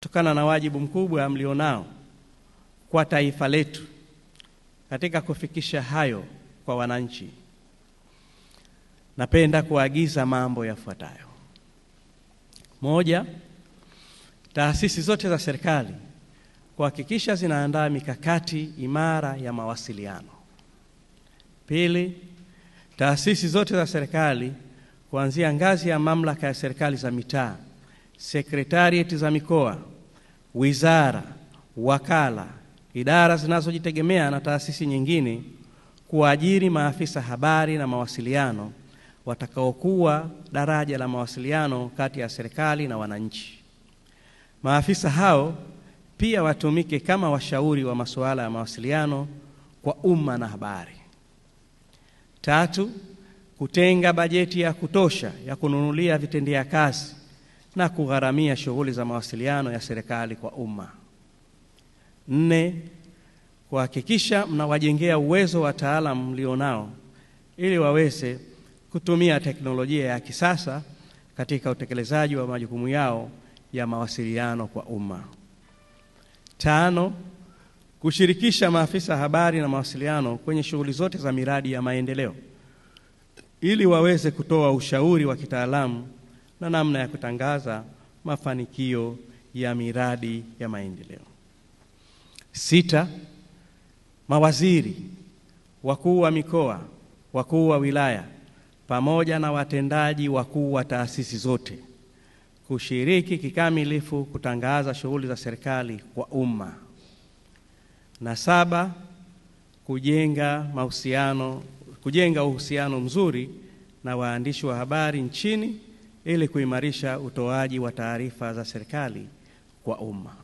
kutokana na wajibu mkubwa mlionao kwa taifa letu katika kufikisha hayo kwa wananchi, napenda kuagiza mambo yafuatayo: moja, taasisi zote za serikali kuhakikisha zinaandaa mikakati imara ya mawasiliano. Pili, taasisi zote za serikali kuanzia ngazi ya mamlaka ya serikali za mitaa sekretarieti za mikoa, wizara, wakala, idara zinazojitegemea na taasisi nyingine kuajiri maafisa habari na mawasiliano watakaokuwa daraja la mawasiliano kati ya serikali na wananchi. Maafisa hao pia watumike kama washauri wa masuala ya mawasiliano kwa umma na habari. Tatu, kutenga bajeti ya kutosha ya kununulia vitendea kazi na kugharamia shughuli za mawasiliano ya serikali kwa umma. Nne, kuhakikisha mnawajengea uwezo wataalamu mlionao ili waweze kutumia teknolojia ya kisasa katika utekelezaji wa majukumu yao ya mawasiliano kwa umma. Tano, kushirikisha maafisa habari na mawasiliano kwenye shughuli zote za miradi ya maendeleo ili waweze kutoa ushauri wa kitaalamu na namna ya kutangaza mafanikio ya miradi ya maendeleo. Sita, mawaziri, wakuu wa mikoa, wakuu wa wilaya pamoja na watendaji wakuu wa taasisi zote kushiriki kikamilifu kutangaza shughuli za serikali kwa umma. Na saba, kujenga mahusiano, kujenga uhusiano mzuri na waandishi wa habari nchini ili kuimarisha utoaji wa taarifa za serikali kwa umma.